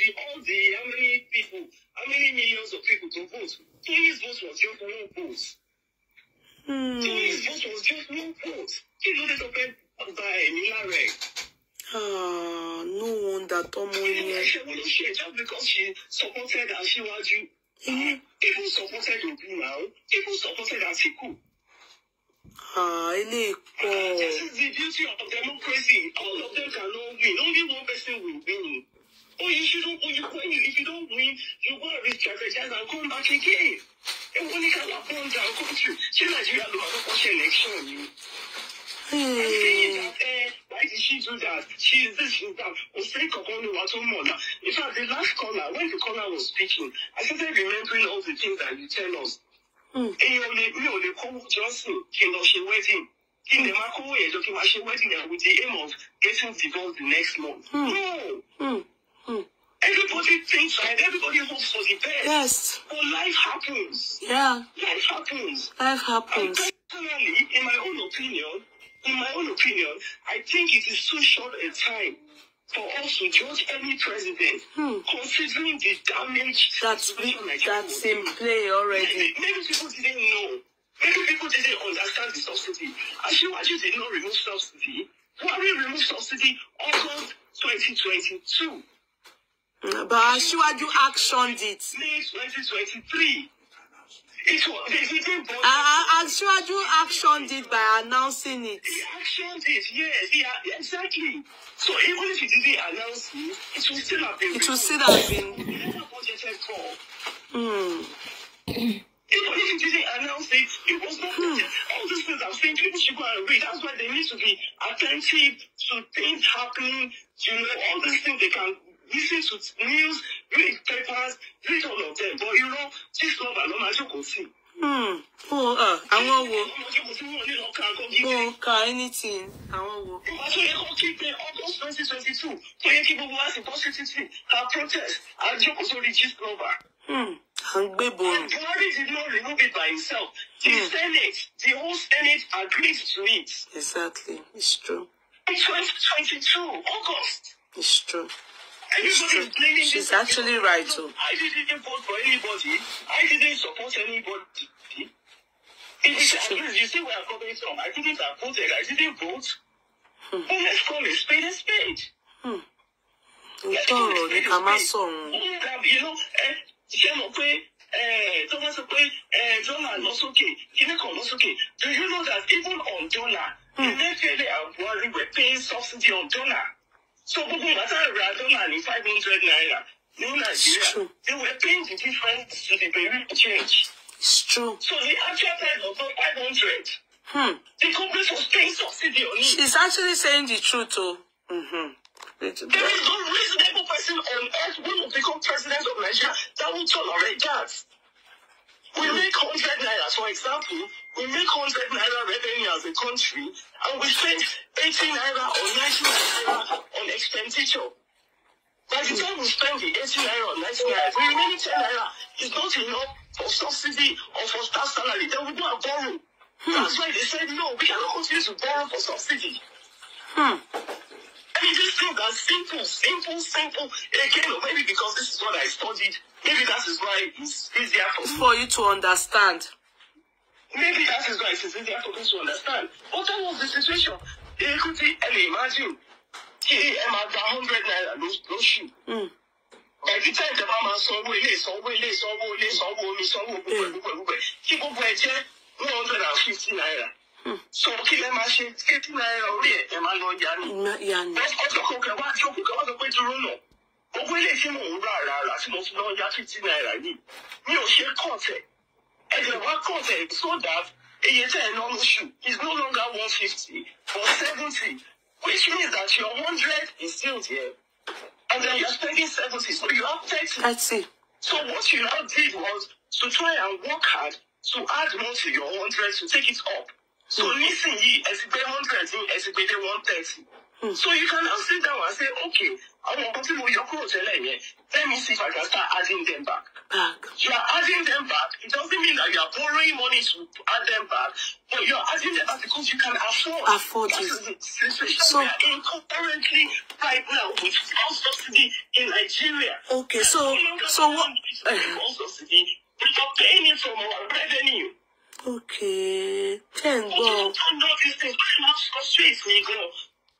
the all the how many people, how many millions of people to vote. Tinubu's vote was just one vote. Tinubu's hmm. vote was just one vote. You know dé open by Milare. Ah, no wonder tọmọ yẹn. Ṣé wọ́n ló ṣe just because she supported Aṣíwájú? Mm-hmm. even supported Obi now, even supported Atiku. Ah, eléyìí pọ̀. This is the beauty of democracy. All of them can cannot win. Only one person will win. Oh, if you don't win, you win. If you don't win, you go and re-strategize and come back again. And when it can happen down country, she Nigeria lo have watch election you. Hmm. I'm saying that, eh, why did she do that? She is this, she is that. Was saying Kokoni was so more. In fact, the last caller, when the caller was speaking, I started remembering all the things that you tell us. Hmm. And you only, ò only call Johnson kí n lọ ṣe wedding. Kí n lè máa kówó yẹn jọ kí wedding with the aim of getting divorced the next month. Hmm. No. Hmm. Mm. Everybody thinks right. Everybody hopes for the best. Yes. But life happens. Yeah. Life happens. Life happens. And personally, in my own opinion, in my own opinion, I think it is too short a time for us to judge any president, hmm. considering the damage that's be, that's in play already. Maybe people didn't know. Maybe people didn't understand the subsidy. As you as you did not remove subsidy, Why we remove subsidy August 2022 bàbá aṣíwájú action it. ní twenty twenty three. Uh, Aṣíwájú actioned it by announcing it. The action it, yes, yeah, exactly. So even if he didn't announce it, it would still have been. It would still have been. He Hmm. Even if he didn't announce it, it was not. Hmm. All these things I'm saying, people should go and read. That's why they need to be attentive to things happening. You know, all these things they can useless with news you intemperance read all of them but irọ́ six number ló máa jókòó sí. Hmm. Ah, àwọn wo mo ka anything àwọn wo. ìgbà tó yẹ kó kí pé august twenty twenty two tó yẹ kí gbogbo wa sì bọ́ sí títì protest àjókòó sórí six number. Unbelievable. Buhari did not remove it by himself. The mm. Senate, the whole Senate agreed to it. Exactly. It's true. In 2022, August. It's true. She's actually right too. I didn't vote for anybody. I didn't support anybody. It's it's you see where I'm coming from. I didn't have voted. I didn't vote. Hmm. let's call it spade a spade. Hmm. Ìtọ́rọ̀ ni ká má sọ̀rọ̀. Eh, ṣé mo pé eh, tó bá sọ pé eh, dọ́là lọ sókè, kíní kan lọ Do you know that even on dollar, Emefiele are worried were paying subsidy on dollar? so gbogbo ìgbà tá a rà tó máa ní five hundred naira ní nàìjíríà they were paying the difference to the beryl change. It's true. So the actual price was not five hundred. Hmm. The Congress was paying subsidy on it. She's actually saying the truth, too. Mm-hmm. There is no reasonable person on earth who will become president of Nigeria that will tolerate that. We make hundred naira, for example, We make 100 naira revenue as a country, and we spend 80 naira or 90 naira on expenditure. By the time we spend the 80 naira or 90 naira, the remaining 10 naira is not enough for subsidy or for staff salary. Then we go and borrow. Hmm. That's why they said, no, we cannot continue to borrow for subsidy. Hmm. I mean, this thing that's simple, simple, simple. Again, maybe because this is what I studied, maybe that is why it's easier for, for you to understand. Maybe that is why it is easier for me to understand. But that was the situation. could Ekuti, Ellie, imagine. Ẹ máa a hundred naira lóṣù. Every time the mama saw saw saw saw saw saw saw saw saw saw saw saw saw saw saw saw saw saw saw me, me, me, me, me, me, me, me, me, me, me, me, me, me, me, me, me, me, me, tẹ bá máa saw me, ìsanwó ilé ìsanwó ilé saw me, ìsanwó gbogbo ẹ̀ gbogbo saw me, ẹ̀ kí gbogbo ẹ̀ saw me, hundred and fifty naira hmm. saw me, lẹ máa ṣe kékeré saw me, ẹ ẹ máa lọ saw me, ọjọ́ kan kẹwàá àti saw me, sọ pé dúró náà saw me, tí mò ń rà saw me, tí mo fi lọ saw me, naira yìí mi ò saw me And the wá content so that iye tẹ́ ẹ ná shoe. is no longer one fifty for seventy which means that your hundred is still there and then you're spending seventy so you have thirty. that's see. so what you now did was to try and work hard to add more to your hundred to take it up. so hmm. nísìnyí ẹ ti gbé hundred ní ẹ ti gbé one thirty. Mm. So you can now sit down and say, okay, àwọn nǹkan tí mo yọ kúrò tẹ́lẹ̀ yẹn let me see if I can start adding them back. back. You are adding them back. It doesn't mean that you are borrowing money to add them back, but you are adding them back because you can afford. Afford that it. is the situation so, we are in currently right now with fuel subsidy in Nigeria. Okay, so so what? Fuel subsidy, we are paying it from our revenue. Okay, ten go. Don't know these things. It frustrates me, girl.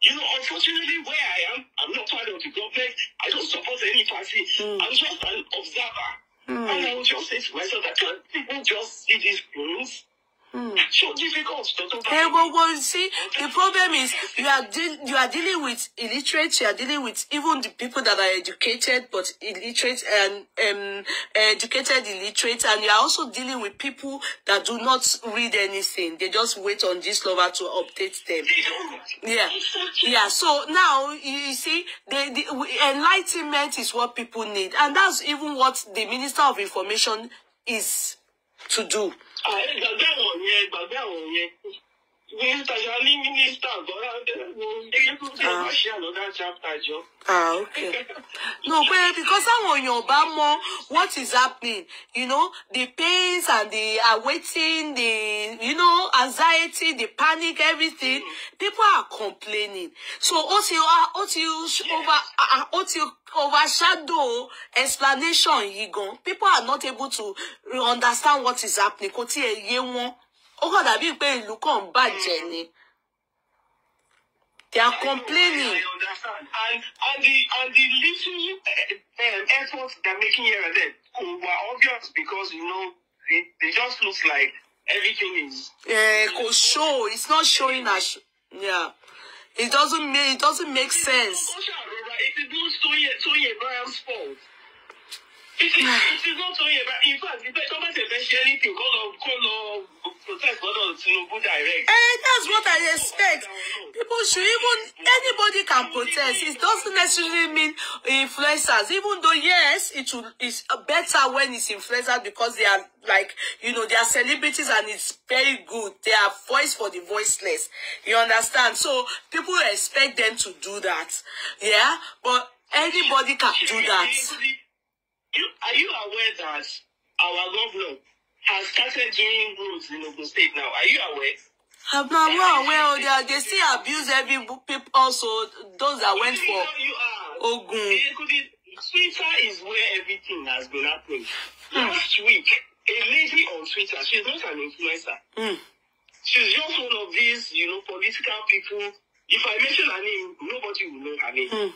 You know, unfortunately, where I am, I'm not part of the government. I don't support any party. Mm. I'm just an observer. Mm. And I will just say to myself that can people just see these rules Hmm. So Hey, but well, see, the problem is you are you are dealing with illiterate. You are dealing with even the people that are educated but illiterate and um educated illiterate, and you are also dealing with people that do not read anything. They just wait on this lover to update them. Yeah, yeah. So now you see, the, the enlightenment is what people need, and that's even what the Minister of Information is to do. Ah, gbàgbé àwọn yẹn gbàgbé àwọn yẹn. Minista ah, Yali Minister Bọ́lá Adébúgbé Bashir another chapter jọ. Ah okay. No pe because àwọn èèyàn bá mọ what is happening you know the pains and the awaiting the you know anxiety the panic everything mm. people are complaining so what you ti ó ti over what ah, ah, you overshadow explanation yìí gan people are not able to understand what is happening kò tiẹ̀ yé wọn ó kàn dàbí pé ìlú kan ń bàjẹ́ mm. ni. They are complaining. I understand. And, and the and the little um, eh, eh, efforts they're making here and there were obvious because you know it, it just looks like everything is. Yeah, kò show it's not showing as yeah it doesn't make it doesn't make sense. It is not Toyin Toyin Brian's fault it is it is not only about in fact the best government dey mention anything call on call on protest lọ́dọ̀ Tinubu direct. Eh, that's what I expect. People should even anybody can protest. It doesn't necessarily mean influencers. Even though yes, it will it's better when it's influencers because they are like you know they are celebrities and it's very good. They are voice for the voiceless. You understand? So people expect them to do that. Yeah, but anybody can do that. You, are you aware that our governor has started doing roads in Ogun State now? Are you aware? I'm not well aware. Well, they, they still abuse every people also those that went for Ogun. Twitter is where everything has been happening. Hmm. Last week, a lady on Twitter, she's not an influencer. Mm. She's just one of these, you know, political people. If I mention her name, nobody will know her name. Mm.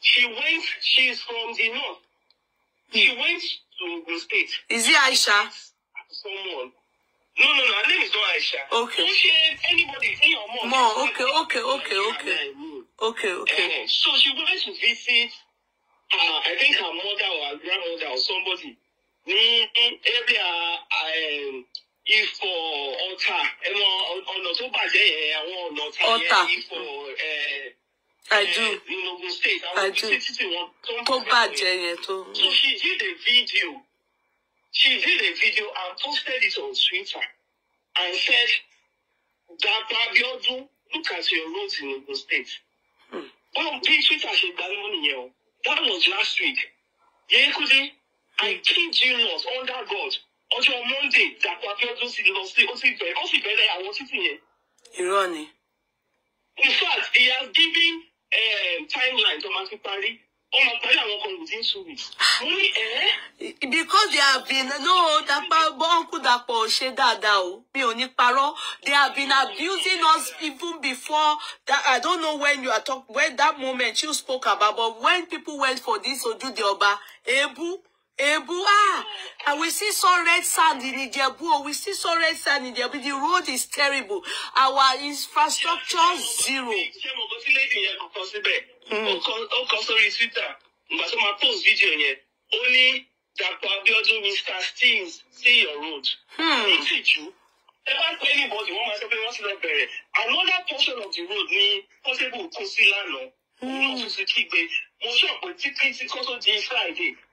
She went, she's from the north. She went to Ogun State. Is it Aisha? Someone. No, no, no, her name is not Aisha. Okay. Don't she, anybody, in your mom. Mom, okay, okay, okay, okay. Okay, okay. Uh, eh, so she went to visit, uh, I think her mother or her grandmother or somebody. Maybe, uh, um, if for Otta, ẹ̀wọ̀n ọ̀nà tó bàjẹ́ yẹn àwọn ọ̀nà ọ̀tà yẹn ifọ̀ ẹ̀. Eh, I eh, do. in Ogun State, I do. Tó bàjẹ́ yẹn tó. So hmm. she did a video. She did a video and posted it on Twitter and said, Dàpọ̀ Abíọ́dún, look at your roads in Ogun State. Bọ́n hmm. bí Twitter ṣe gbaná nìyẹn o. That was last week. Yékúndé, hmm. I kid you not, under God. Ọjọ́ Monday, Dàpọ̀ Abíọ́dún sì lọ sí, ó sì bẹ̀rẹ̀ àwọn títì yẹn. Irọ́ ni in fact he has given eh, um, timeline to máa Pari. parí ó máa parí àwọn kan within two weeks. mo ní ẹ. Eh? because they have been no dapa bọ́ǹkù dapò ṣe dáadáa o mi ò ní parọ́ they have been abusing us even before that i don't know when you are talk when that moment you spoke about but when people went for this Ojude Oba ebu. Ebu, ah, and we see so red sand in Ijebu, oh, we see so red sand in Ijebu. The road is terrible. Our infrastructure zero. Mm. Dàpọ̀ Abíọ́dún Mr. Steens see your road. Ní ìtìjú, ẹ bá pé anybody wọ́n máa sọ pé wọ́n ti lọ bẹ̀rẹ̀. Another portion of the road ni Portable kó hmm. sí lánàá. Òun náà tún ti kígbe. Mo sọ pé tí kí tí kó tó di Friday.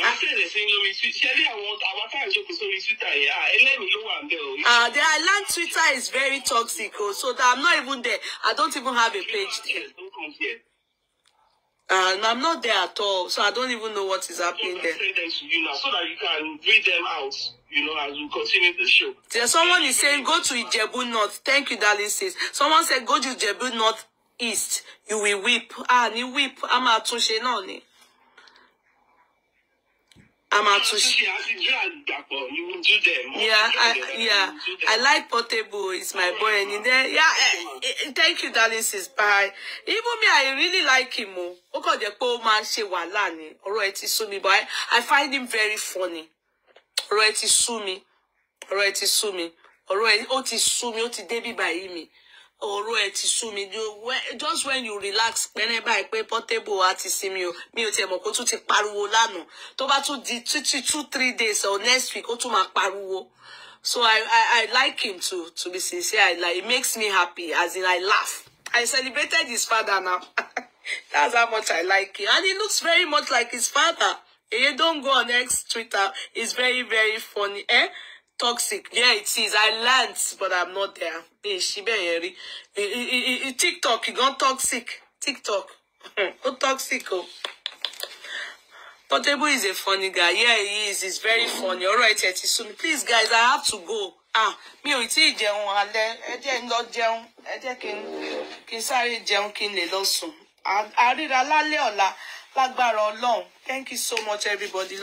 màá sẹ̀lẹ̀ sí lórí twitter ṣẹ́lẹ̀ àwọn àwọn tá jókòó sórí twitter yẹn ah ẹlẹ́mìí ló wà ń o. ah the island twitter is very toxic o so that i'm not even there i don't even have a page there. Uh, I'm not there at all, so I don't even know what is happening there. Send them to you now, so that you can read them out. You know, as we continue the show. There, someone is saying go to Ijebu North. Thank you, darling sis. Someone said go to Ijebu North East. You will weep. Ah, ni weep. Ama atunse náà ni. I'm Yeah, I, yeah, I like Portable. It's my boy, and in yeah. Eh, eh, thank you, darling sis. Bye. Even me, I really like him. Oh, because the poor man She wàhálà ni. Ọ̀rọ̀ ẹ̀ ti sú but I find him very funny. Ọ̀rọ̀ ẹ̀ ti sú mi. Ọ̀rọ̀ ẹ̀ ti sú mi. Ọ̀rọ̀ ẹ̀ ó ti sú mi. Ó ti dé bí ọ̀rọ̀ ẹ̀ ti sú mi just when you relax pẹ́rẹ́ báyìí pé portable wa ti sinmi o mi ò tiẹ̀ mọ̀ kó tún ti pariwo lánàá tó bá tún di títí two three days or next week ó tún máa pariwo so I, I I like him to to be sincere I like it makes me happy as in I laugh I celebrated his father now that's how much I like him and he looks very much like his father Eye don go on X Twitter He's very very funny eh toxic yeah it is i learned but i'm not there mi ṣí bẹ́ẹ̀ yẹn rí tiktok toxic tiktok ó toxic Oh. Portable is a funny guy. Yeah, he is. He's very funny. All right, ẹ ti sú Please, guys, I have to go. Ah, me ò tíì jẹun alẹ́. Ẹ jẹ́ n lọ king Ẹ jẹ́ king n kí n sáré jẹun kí n A ríra lálẹ́ ọ̀la lágbára Ọlọ́run. Thank you so much, everybody.